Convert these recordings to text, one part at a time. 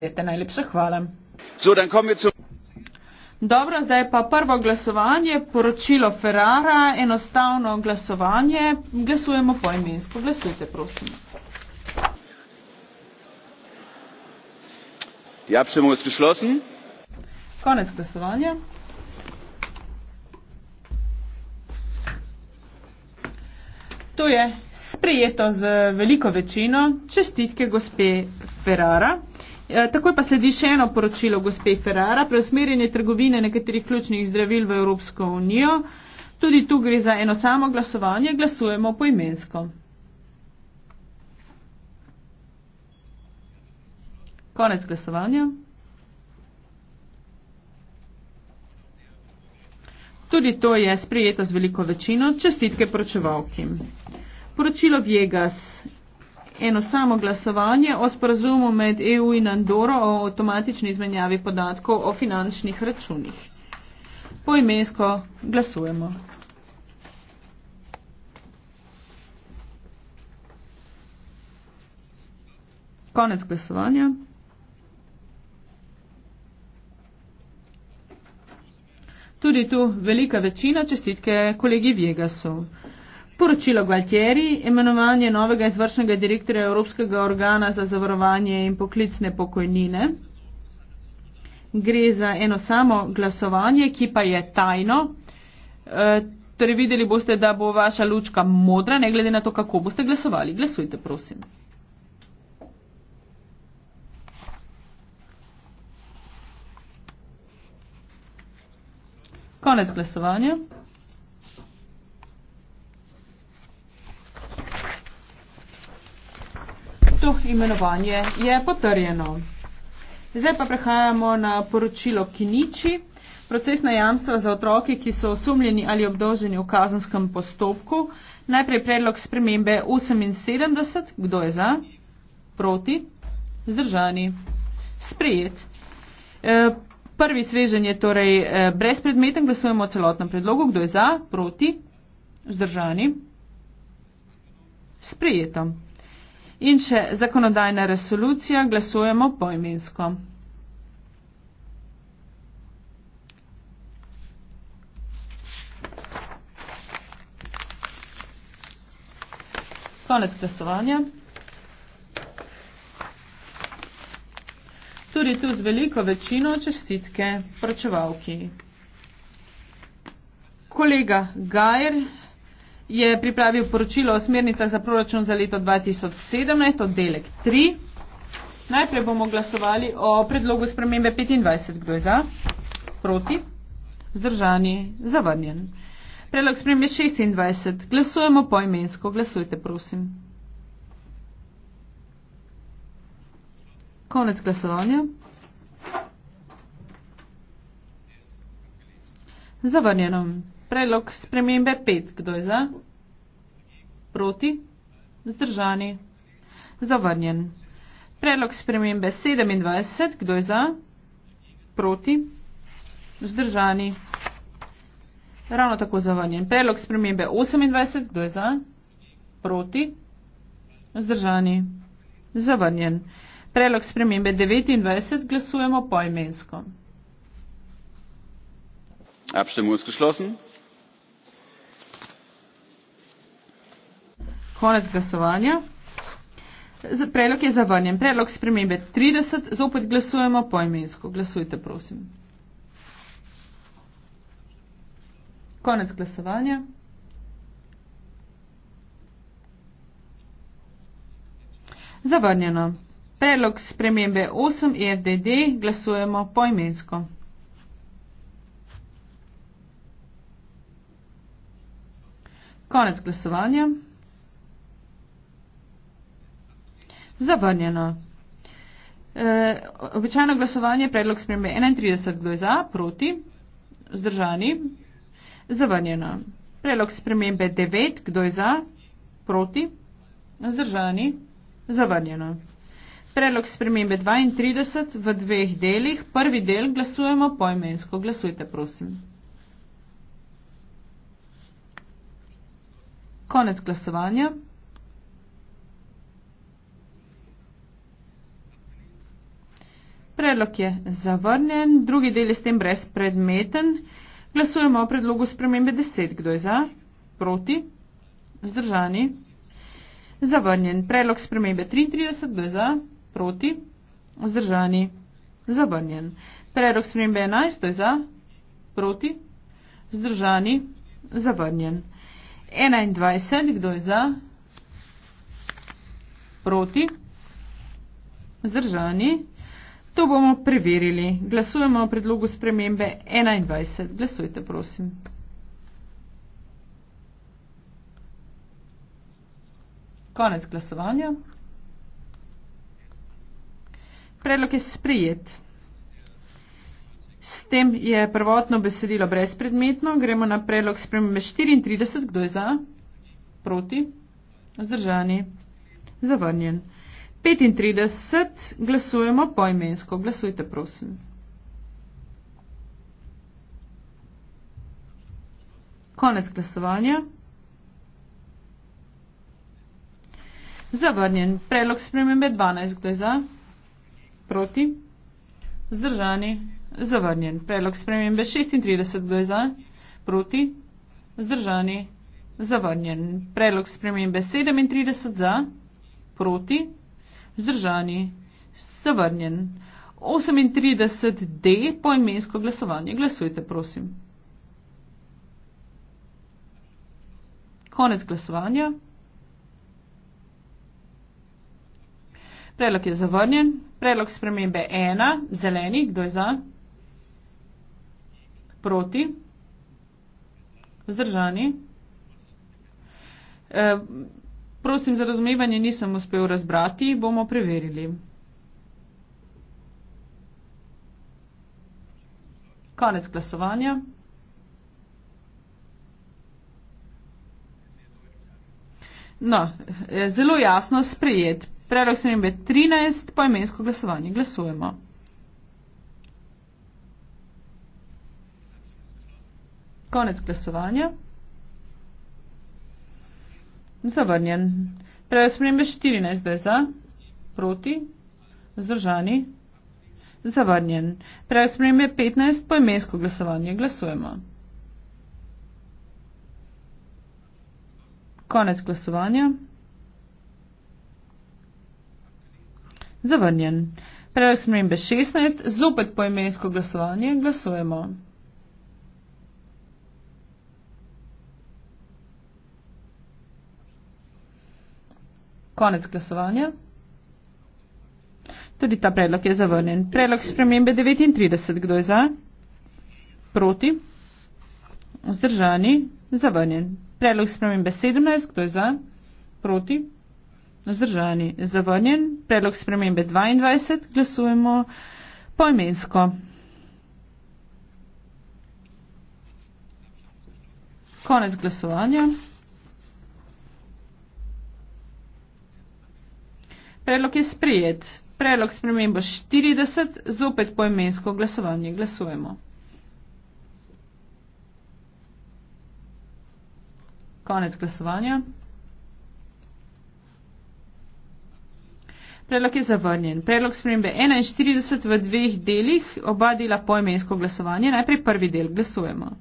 besede najlepša hvala. So, Dobro, zdaj pa prvo glasovanje, poročilo Ferrara, enostavno glasovanje. Glasujemo po imensko. Glasujte, prosim. Konec glasovanja. To je sprejeto z veliko večino. Čestitke gospe Ferrara. Eh, takoj pa sledi še eno poročilo gospe Ferrara, preusmerjanje trgovine nekaterih ključnih zdravil v Evropsko unijo. Tudi tu gre za eno samo glasovanje, glasujemo poimensko. Konec glasovanja. Tudi to je sprejeto z veliko večino. Čestitke poročevalkim. Poročilo Vjegas eno samo glasovanje o sporazumu med EU in Andoro o avtomatični izmenjavi podatkov o finančnih računih. Poimensko glasujemo. Konec glasovanja. Tudi tu velika večina čestitke kolegi Vjegasov. Poročilo Gualtieri, imenovanje novega izvršnega direktorja Evropskega organa za zavarovanje in poklicne pokojnine. Gre za eno samo glasovanje, ki pa je tajno. E, torej videli boste, da bo vaša lučka modra, ne glede na to, kako boste glasovali. Glasujte, prosim. Konec glasovanja. To imenovanje je potrjeno. Zdaj pa prehajamo na poročilo Kiniči. Procesna jamstva za otroke, ki so osumljeni ali obdoženi v kazenskem postopku. Najprej predlog spremembe 78. Kdo je za? Proti? Zdržani? Sprejet. E, prvi svežen je torej e, brezpredmeten. Glasujemo o celotnem predlogu. Kdo je za? Proti? Zdržani? Sprejetom. In če zakonodajna resolucija glasujemo poimensko. Konec glasovanja. Tudi tu z veliko večino čestitke pročevalki. Kolega Gajer je pripravil poročilo o smernicah za proračun za leto 2017, oddelek 3. Najprej bomo glasovali o predlogu spremembe 25. Kdo je za? Proti? Zdržani? Zavrnjen? Predlog spremembe 26. Glasujemo poimensko. Glasujte, prosim. Konec glasovanja. Zavrnjeno. Predlog spremembe 5. Kdo je za? Proti? Zdržani? Zavrnjen. Predlog spremembe 27. Kdo je za? Proti? Zdržani? Ravno tako zavrnjen. Predlog spremembe 28. Kdo je za? Proti? Zdržani? Zavrnjen. Predlog spremembe 29. Glasujemo poimensko. Abstimmung ist geschlossen. Konec glasovanja. Predlog je zavrnjen. Predlog spremembe 30. Zopet glasujemo poimensko. Glasujte, prosim. Konec glasovanja. Zavrnjeno. Predlog spremembe 8 EFDD glasujemo poimensko. Konec glasovanja. Zavrnjeno. E, običajno glasovanje predlog spremembe 31, kdo je za, proti, zdržani, zavrnjeno. Predlog spremembe 9, kdo je za, proti, zdržani, zavrnjeno. Predlog spremembe 32 v dveh delih, prvi del glasujemo poimensko. Glasujte, prosim. Konec glasovanja. Predlog je zavrnjen, drugi del je s tem brezpredmeten. Glasujemo o predlogu spremembe 10. Kdo je za? Proti? Zdržani? Zavrnjen. Predlog spremembe 33. Kdo je za? Proti? Zdržani? Zavrnjen. Predlog spremembe 11. Kdo je za? Proti? Zdržani? Zavrnjen. 21. Kdo je za? Proti? Zdržani? Zdržani? To bomo preverili. Glasujemo o predlogu spremembe 21. Glasujte, prosim. Konec glasovanja. Predlog je sprijet. S tem je prvotno besedilo brezpredmetno. Gremo na predlog spremembe 34. Kdo je za? Proti? Zdržani. Zavrnjen. 35, glasujemo poimensko. Glasujte, prosim. Konec glasovanja. Zavrnjen. Predlog spremembe 12. Kdo je za? Proti. Zdržani. Zavrnjen. Predlog spremembe 36. Kdo je za? Proti. Zdržani. Zavrnjen. Predlog spremembe 37. Za. Proti. Zdržani. Zavrnjen. 38D po imensko glasovanje. Glasujte, prosim. Konec glasovanja. Predlog je zavrnjen. Predlog spremembe 1. Zeleni. Kdo je za? Proti. Zdržani. Eh, Prosim za razumevanje, nisem uspel razbrati, bomo preverili. Konec glasovanja. No, eh, zelo jasno sprejet. Predlog se imenuje 13, poimensko glasovanje. Glasujemo. Konec glasovanja. Zavrnjen. Prejo spremembe 14, da je za, proti, vzdržani. Zavrnjen. Prejo spremembe 15, poimensko glasovanje. Glasujemo. Konec glasovanja. Zavrnjen. Prejo spremembe 16, zopet poimensko glasovanje. Glasujemo. Konec glasovanja. Tudi ta predlog je zavrnjen. Predlog spremembe 39. Kdo je za? Proti? Zdržani? Zavrnjen. Predlog spremembe 17. Kdo je za? Proti? Zdržani? Zavrnjen. Predlog spremembe 22. Glasujemo poimensko. Konec glasovanja. Predlog je sprejet. Predlog spremembo 40, zopet poimensko glasovanje glasujemo. Konec glasovanja. Predlog je zavrnjen. Predlog spremembe 41 v dveh delih, oba dela poimensko glasovanje. Najprej prvi del glasujemo.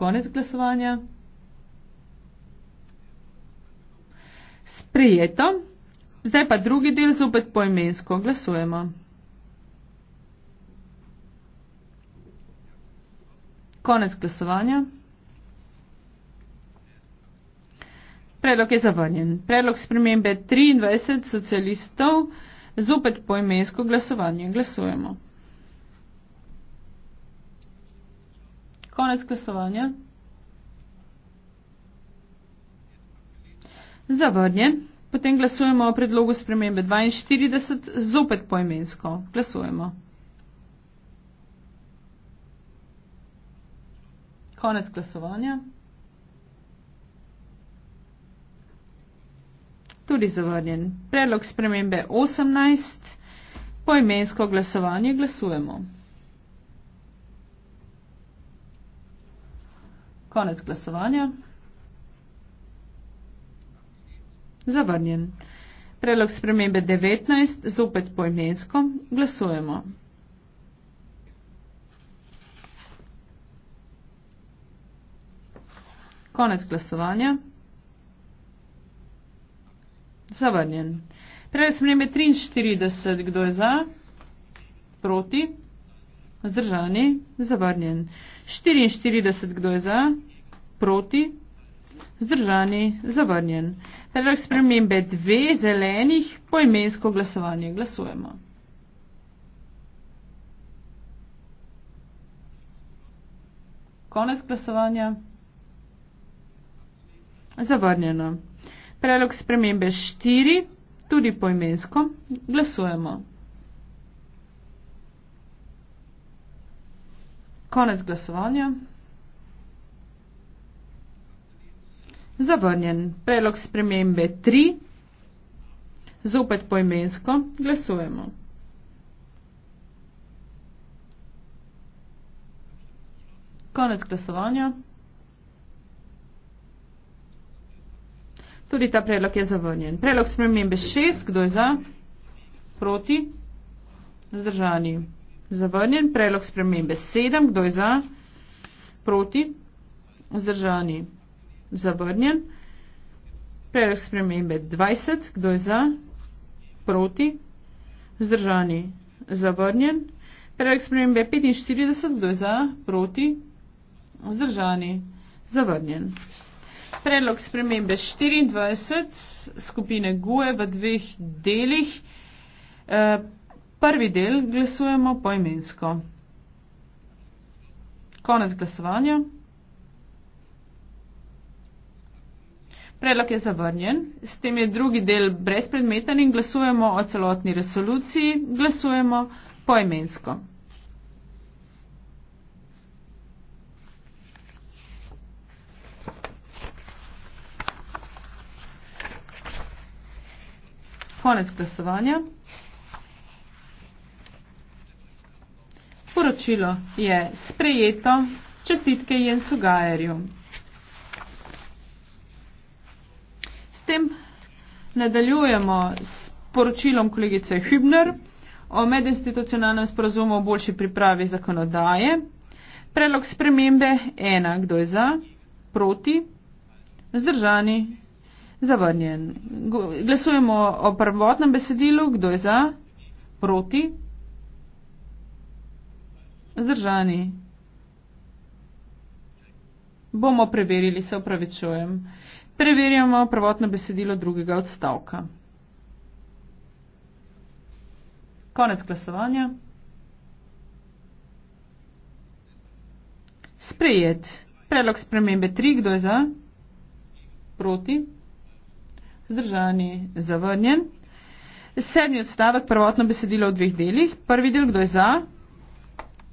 Konec glasovanja. Prijeto. Zdaj pa drugi del zopet poimensko. Glasujemo. Konec glasovanja. Predlog je zavrnjen. Predlog spremembe 23 socialistov. Zopet poimensko glasovanje. Glasujemo. Konec glasovanja. Zavrnje. Potem glasujemo o predlogu spremembe 42, zopet poimensko. Glasujemo. Konec glasovanja. Tudi zavrnjen. Predlog spremembe 18, poimensko glasovanje. Glasujemo. Konec glasovanja. Zavrnjen. Predlog spremembe 19, zopet poimensko, glasujemo. Konec glasovanja. Zavrnjen. Predlog spremembe 43, kdo je za? Proti? Zdržani? Zavrnjen. 44, kdo je za? Proti? Zdržani? Zdržani, zavrnjen. Predlog spremembe dve zelenih poimensko glasovanje. Glasujemo. Konec glasovanja. Zavrnjeno. Predlog spremembe štiri, tudi poimensko. Glasujemo. Konec glasovanja. Zavrnjen. Predlog spremembe 3. Zopet poimensko. Glasujemo. Konec glasovanja. Tudi ta predlog je zavrnjen. Predlog spremembe 6. Kdo je za? Proti? Zdržani. Zavrnjen. Predlog spremembe 7. Kdo je za? Proti? Zdržani. Zdržani zavrnjen. Predlog spremembe 20, kdo je za, proti, vzdržani, zavrnjen. Predlog spremembe 45, kdo je za, proti, vzdržani, zavrnjen. Predlog spremembe 24 skupine GUE v dveh delih. Eh, prvi del glasujemo poimensko. Konec glasovanja. Predlog je zavrnjen, s tem je drugi del brezpredmeten in glasujemo o celotni resoluciji, glasujemo poimensko. Konec glasovanja. Poročilo je sprejeto. Čestitke Jensu Gajerju. tem nadaljujemo s poročilom kolegice Hübner o medinstitucionalnem sporazumu o boljši pripravi zakonodaje. Predlog spremembe ena, kdo je za, proti, zdržani, zavrnjen. Glasujemo o prvotnem besedilu, kdo je za, proti, zdržani. Bomo preverili, se upravičujem. Preverjamo prvotno besedilo drugega odstavka. Konec glasovanja. Sprejet. Predlog spremembe 3. Kdo je za? Proti. Zdržani. Zavrnjen. Sedmi odstavek. Prvotno besedilo v dveh delih. Prvi del. Kdo je za?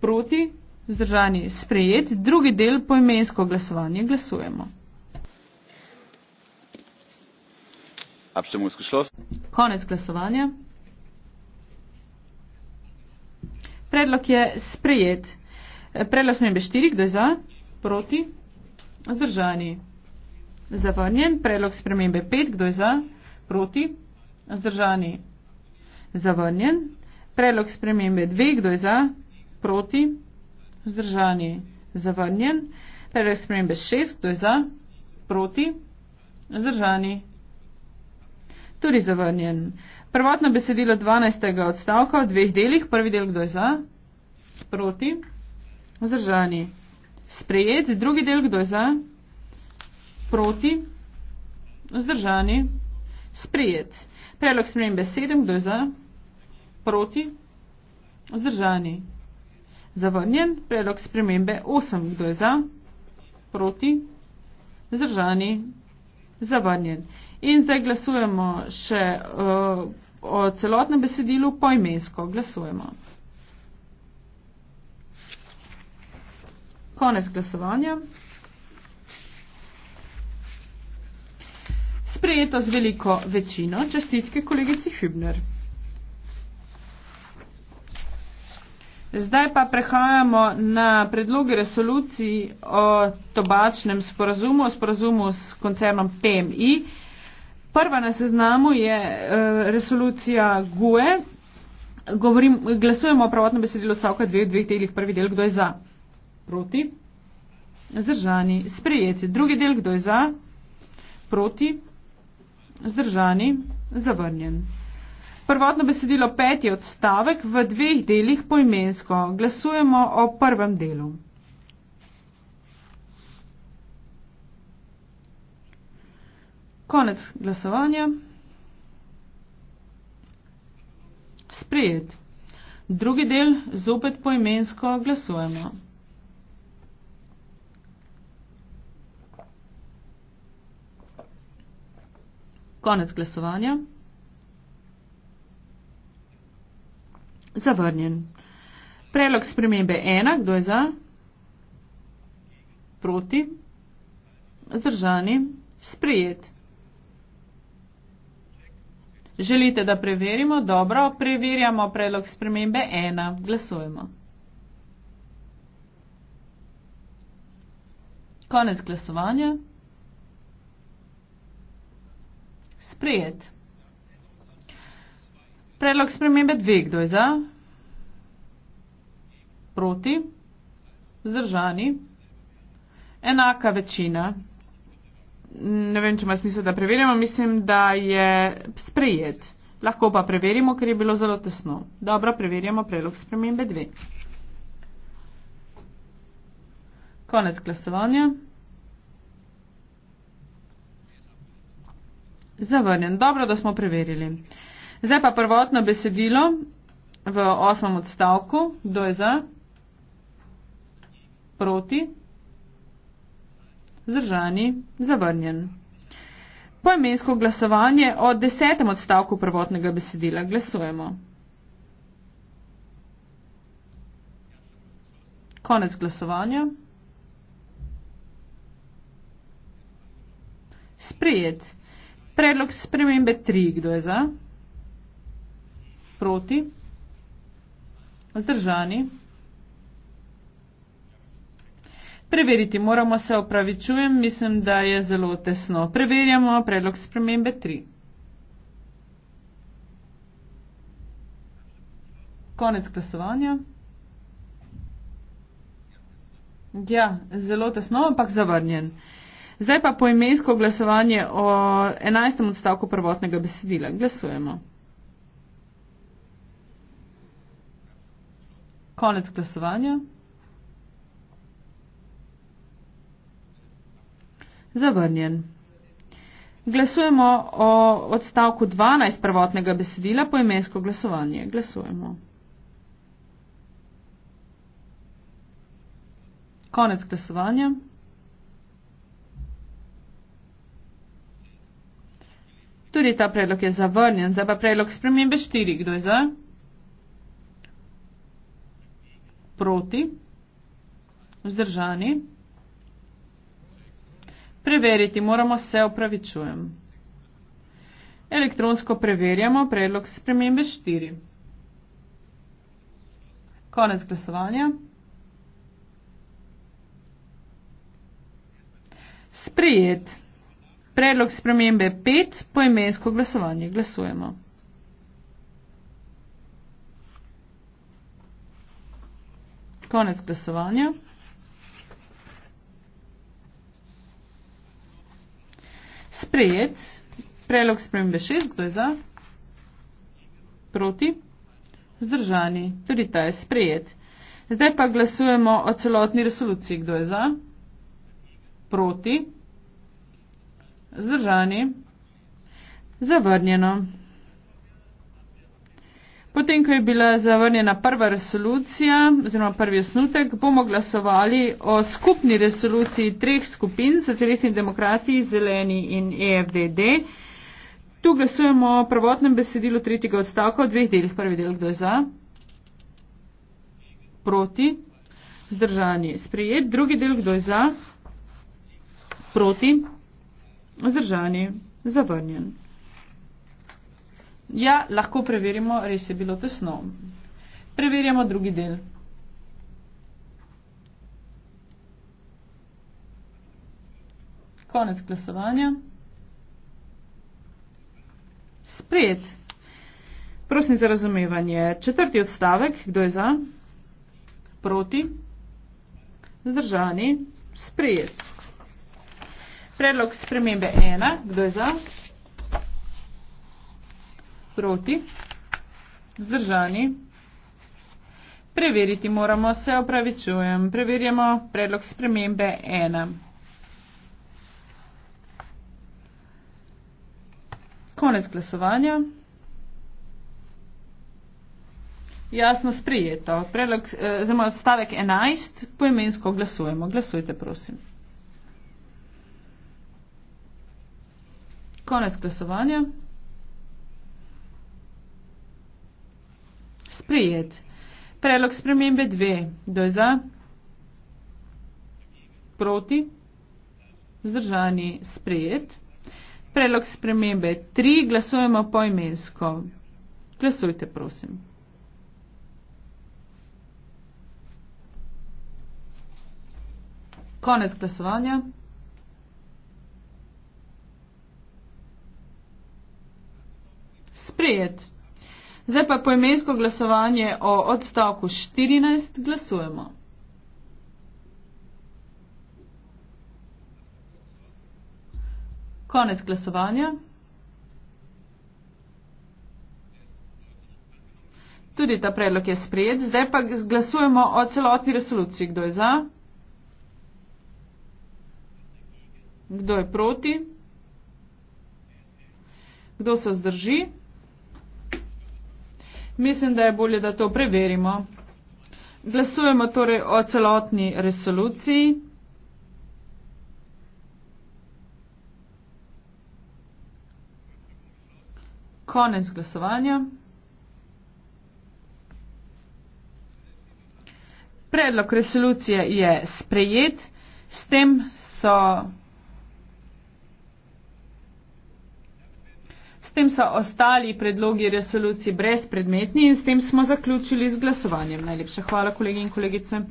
Proti. Zdržani. Sprejet. Drugi del. Poimensko glasovanje. Glasujemo. Konec glasovanja. Predlog je sprejet. Predlog smembe štiri, kdo je za? Proti? Zdržani. Zavrnjen. Predlog spremembe pet, kdo je za? Proti? Zdržani. Zavrnjen. Predlog spremembe dve, kdo je za? Proti? Zdržani. Zavrnjen. Predlog spremembe šest, kdo je za? Proti? Zdržani tudi zavrnjen. Prvotno besedilo 12. odstavka v dveh delih, prvi del kdo je za, proti, vzdržani. Sprejet, drugi del kdo je za, proti, vzdržani, sprejet. Predlog spremembe 7, kdo je za, proti, vzdržani. Zavrnjen, predlog spremembe 8, kdo je za, proti, vzdržani zavrnjen. In zdaj glasujemo še uh, o celotnem besedilu poimensko. Glasujemo. Konec glasovanja. Sprejeto z veliko večino. Čestitke kolegici Hübner. Zdaj pa prehajamo na predlog resoluciji o tobačnem sporazumu, sporazumu s koncernom PMI. Prva na seznamu je eh, resolucija GUE. Govorim, glasujemo o pravotnem besedilu odstavka 2 v dveh delih. Prvi del, kdo je za? Proti. Zdržani. Sprejeti. Drugi del, kdo je za? Proti. Zdržani. Zavrnjen. Prvotno besedilo peti odstavek v dveh delih poimensko. Glasujemo o prvem delu. Konec glasovanja. Sprejet. Drugi del zopet poimensko glasujemo. Konec glasovanja. zavrnjen. Predlog spremembe ena, kdo je za? Proti? Zdržani? Sprijet. Želite, da preverimo? Dobro, preverjamo predlog spremembe ena. Glasujemo. Konec glasovanja. Sprijet predlog spremembe dve. Kdo je za? Proti? Zdržani? Enaka večina. Ne vem, če ima smisel, da preverjamo. Mislim, da je sprejet. Lahko pa preverimo, ker je bilo zelo tesno. Dobro, preverjamo predlog spremembe dve. Konec glasovanja. Zavrnjen. Dobro, da smo preverili. Zdaj pa prvotno besedilo v osmem odstavku. Kdo je za? Proti? Zdržani? Zavrnjen? Poimensko glasovanje o desetem odstavku prvotnega besedila. Glasujemo. Konec glasovanja. Sprejet. Predlog spremembe 3. Kdo je za? proti, zdržani. Preveriti moramo se opravičujem, mislim, da je zelo tesno. Preverjamo predlog spremembe 3. Konec glasovanja. Ja, zelo tesno, ampak zavrnjen. Zdaj pa poimensko glasovanje o 11. odstavku prvotnega besedila. Glasujemo. Konec glasovanja. Zavrnjen. Glasujemo o odstavku 12 prvotnega besedila po imensko glasovanje. Glasujemo. Konec glasovanja. Tudi ta predlog je zavrnjen. Zdaj pa predlog spremembe 4. Kdo je za? proti, vzdržani, preveriti, moramo se opravičujem. Elektronsko preverjamo predlog spremembe 4. Konec glasovanja. Sprejet. Predlog spremembe 5 po imensko glasovanje. Glasujemo. konec glasovanja. Sprejet. Prelog spremembe 6. Kdo je za? Proti. Zdržani. Tudi ta je sprejet. Zdaj pa glasujemo o celotni resoluciji. Kdo je za? Proti. Zdržani. Zavrnjeno. Potem, ko je bila zavrnjena prva resolucija oziroma prvi osnutek, bomo glasovali o skupni resoluciji treh skupin, socialistni demokrati, zeleni in EFDD. Tu glasujemo o prvotnem besedilu tretjega odstavka v dveh delih. Prvi del, kdo je za? Proti. Zdržani. Sprijet. Drugi del, kdo je za? Proti. Zdržani. Zavrnjen. Ja, lahko preverimo, res je bilo tesno. Preverjamo drugi del. Konec glasovanja. Sprejet. Prosim za razumevanje. Četrti odstavek. Kdo je za? Proti. Zdržani. Sprejet. Predlog spremembe 1. Kdo je za? Proti proti, vzdržani. Preveriti moramo, se opravičujem. Preverjamo predlog spremembe 1. Konec glasovanja. Jasno sprijeto. Predlog, eh, zelo stavek 11, poimensko glasujemo. Glasujte, prosim. Konec glasovanja. sprejet. Predlog spremembe dve. Kdo je za? Proti? Zdržani sprejet. Predlog spremembe tri. Glasujemo poimensko. Glasujte, prosim. Konec glasovanja. Sprejet. Zdaj pa poimensko glasovanje o odstavku 14 glasujemo. Konec glasovanja. Tudi ta predlog je sprejet. Zdaj pa glasujemo o celotni resoluciji. Kdo je za? Kdo je proti? Kdo se vzdrži? Mislim, da je bolje, da to preverimo. Glasujemo torej o celotni resoluciji. Konec glasovanja. Predlog resolucije je sprejet. S tem so tem so ostali predlogi resolucij brezpredmetni in s tem smo zaključili z glasovanjem. Najlepša hvala kolegi in kolegice.